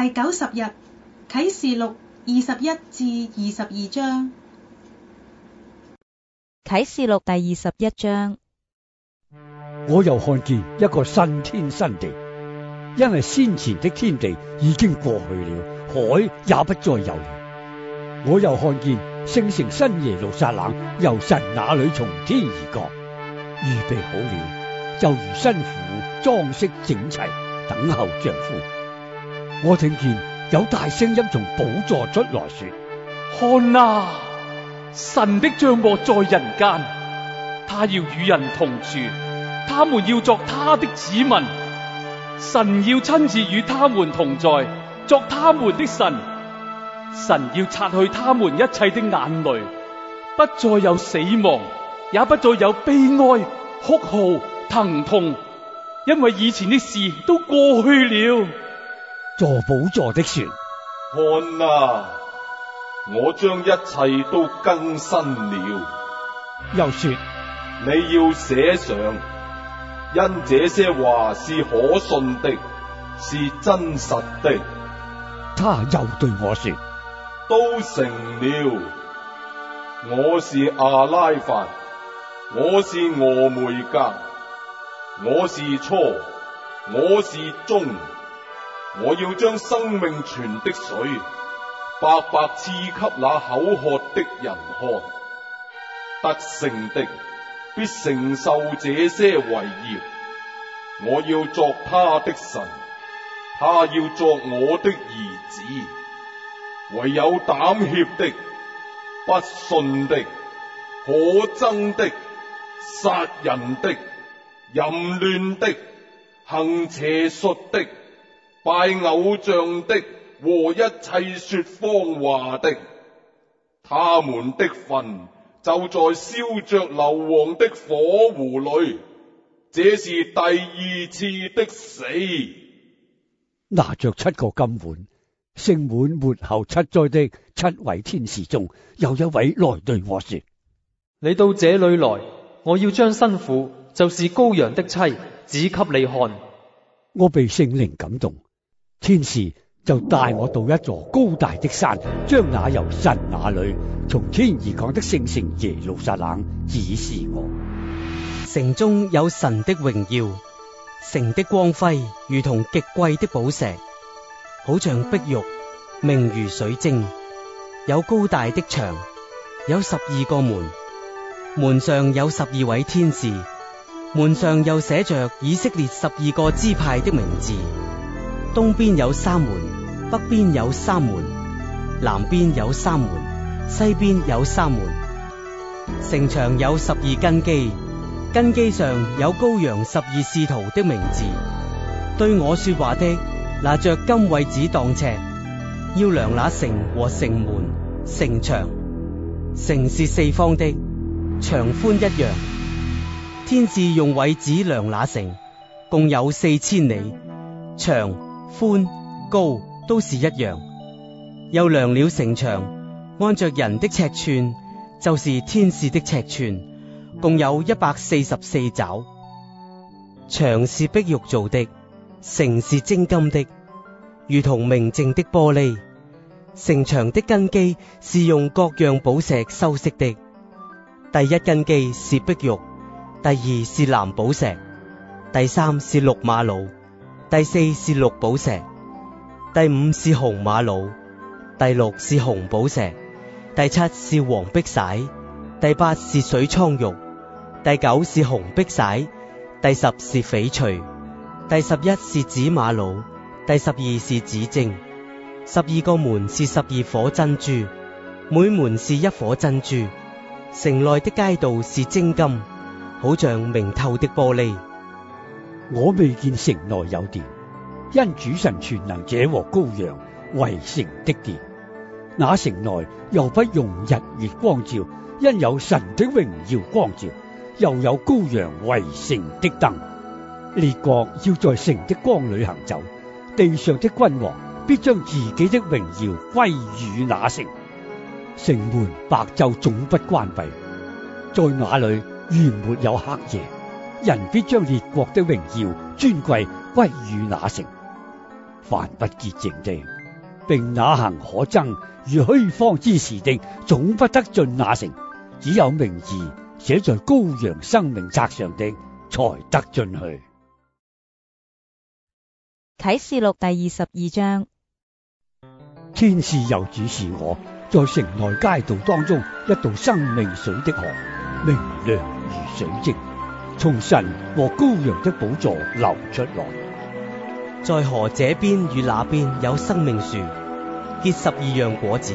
第九十日，啟示錄二十一至二十二章。啟示錄第二十一章。我又看見一個新天新地，因為先前的天地已經過去了，海也不再有了。我又看見聖城新耶路撒冷由神那裏從天而降，預備好了，就如新婦裝飾整齊，等候丈夫。我聽見有大聲音從寶座出來說：看啊，神的帳幕在人間，他要與人同住，他們要作他的子民，神要親自與他們同在，作他們的神。神要擦去他們一切的眼淚，不再有死亡，也不再有悲哀、哭嚎、疼痛，因為以前的事都過去了。坐寶座的船，看啊！我將一切都更新了。又說，你要寫上，因這些話是可信的，是真實的。他又對我說，都成了。我是阿拉法，我是俄梅格，我是初，我是終。我要將生命泉的水白白賜給那口渴的人喝，得勝的必承受這些為業。我要作他的神，他要作我的兒子。唯有膽怯的、不信的、可憎的、殺人的、淫亂的、行邪術的。拜偶像的和一切說謊話的，他們的分就在燒着硫磺的火湖裏。這是第二次的死。拿着七個金碗，盛滿末後七災的七位天使中，又有一位來對我說：你到這裏來，我要將新婦，就是羔羊的妻，指給你看。我被聖靈感動。天使就帶我到一座高大的山，將那由神那裏從天而降的聖城耶路撒冷指示我。城中有神的榮耀，城的光輝如同極貴的寶石，好像碧玉，明如水晶。有高大的牆，有十二個門，門上有十二位天使，門上又寫着以色列十二個支派的名字。東邊有三門，北邊有三門，南邊有三門，西邊有三門。城牆有十二根基，根基上有羔羊十二使徒的名字。對我說話的拿着金葦子當尺，要量那城和城門、城牆。城是四方的，長寬一樣。天字用葦子量那城，共有四千里長。寬高都是一樣。又量了城牆，按着人的尺寸，就是天使的尺寸，共有144肘。牆是碧玉做的，城是精金的，如同明淨的玻璃。城牆的根基是用各樣寶石修飾的，第一根基是碧玉，第二是藍寶石，第三是綠瑪瑙。第四是綠寶石，第五是紅瑪瑙，第六是紅寶石，第七是黃碧璽，第八是水蒼玉，第九是紅碧璽，第十是翡翠，第十一是紫瑪瑙，第十二是紫晶。十二個門是十二顆珍珠，每門是一顆珍珠。城內的街道是精金，好像明透的玻璃。我未見城內有殿，因主神全能者和羔羊為城的殿。那城內又不用日月光照，因有神的榮耀光照，又有羔羊為城的燈。列國要在城的光裡行走，地上的君王必將自己的榮耀歸于那城。城門白晝總不關閉，在那裡原沒有黑夜。人必將列國的榮耀、尊貴歸於那城。凡不潔淨的，並那行可憎；如虛方之時定，總不得進那城。只有名字寫在羔羊生命冊上的才得進去。啟示錄第二十二章，天使又指示我，在城內街道當中，一道生命水的河，明亮如水晶。從神和羔羊的寶座流出來，在河這邊與那邊有生命樹，結十二樣果子，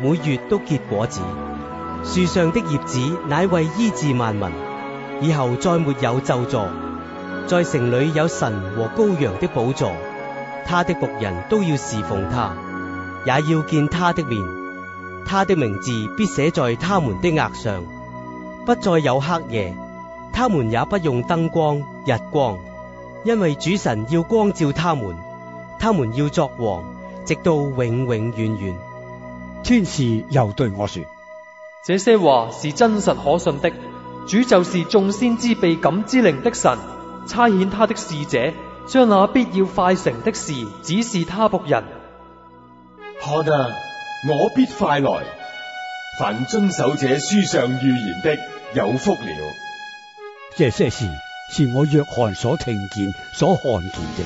每月都結果子。樹上的葉子乃為醫治萬民。以後再沒有咒詛。在城裏有神和羔羊的寶座，他的僕人都要侍奉他，也要見他的面。他的名字必寫在他們的額上，不再有黑夜。他們也不用燈光、日光，因為主神要光照他們，他們要作王，直到永永遠遠。天使又對我說：這些話是真實可信的，主就是眾先知被感之靈的神，差遣他的使者，將那必要快成的事指示他僕人。看哪，我必快來。凡遵守這書上預言的，有福了。這些事是我約翰所聽見、所看見的。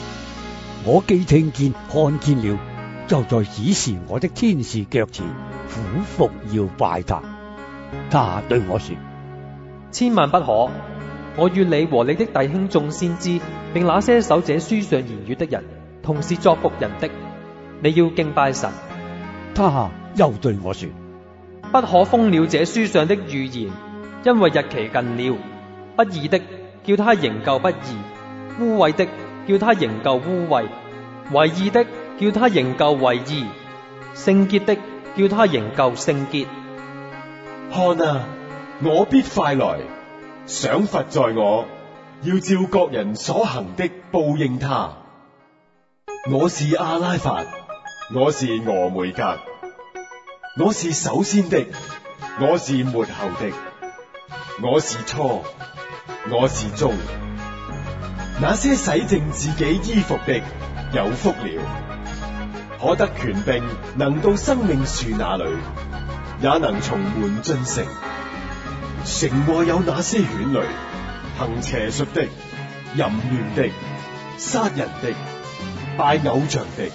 我既聽見、看見了，就在指示我的天使腳前俯伏要拜他。他對我說：千萬不可！我與你和你的弟兄眾先知，並那些守這書上言語的人，同是作僕人的。你要敬拜神。他又對我說：不可封了這書上的預言，因為日期近了。不義的，叫他仍舊不義；污穢的，叫他仍舊污穢；為義的，叫他仍舊為義；聖潔的，叫他仍舊聖潔。看啊，我必快來，賞罰在我，要照各人所行的報應他。我是阿拉法，我是俄梅格，我是首先的，我是末後的，我是初。我是終，那些洗淨自己衣服的，有福了，可得權柄，能到生命樹那裏，也能從門進城。城外有那些犬類，行邪術的，淫亂的，殺人的，拜偶像的，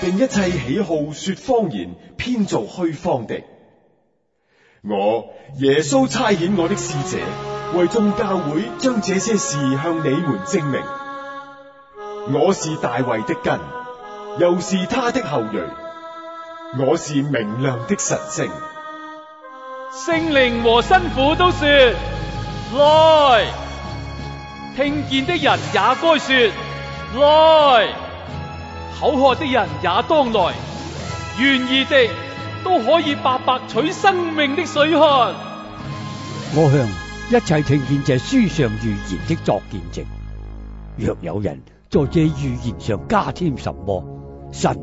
並一切喜好說謊言、編造虛謊的。我耶穌差遣我的使者。為眾教會將這些事向你們證明，我是大衛的根，又是他的後裔，我是明亮的晨星。聖靈和新婦都說來，聽見的人也該說來，口渴的人也當來，願意的都可以白白取生命的水喝。我向。一切聽見這書上預言的作見證。若有人在這預言上加添什麼，神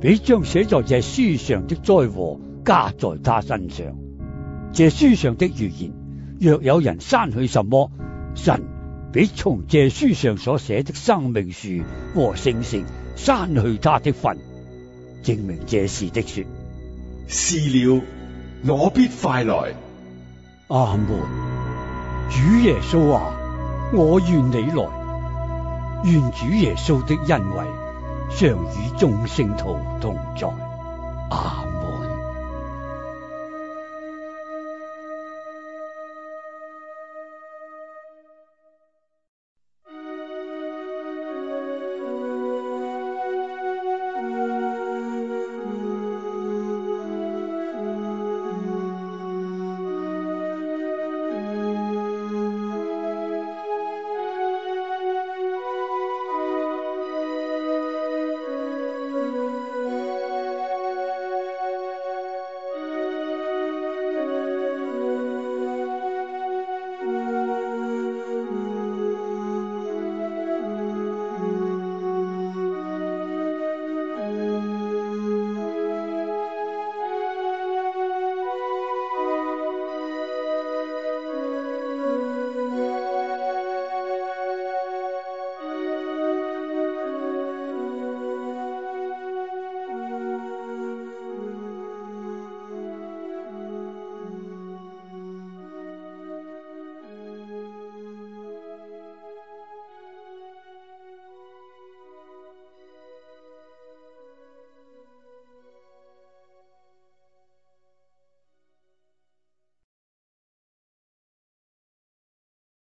必將寫在這書上的災禍加在他身上。這書上的預言，若有人刪去什麼，神必從這書上所寫的生命樹和星星刪去他的份。證明這事的說，是了，我必快來。阿門。主耶穌啊，我願你來，願主耶穌的恩惠常與眾聖徒同在。阿門。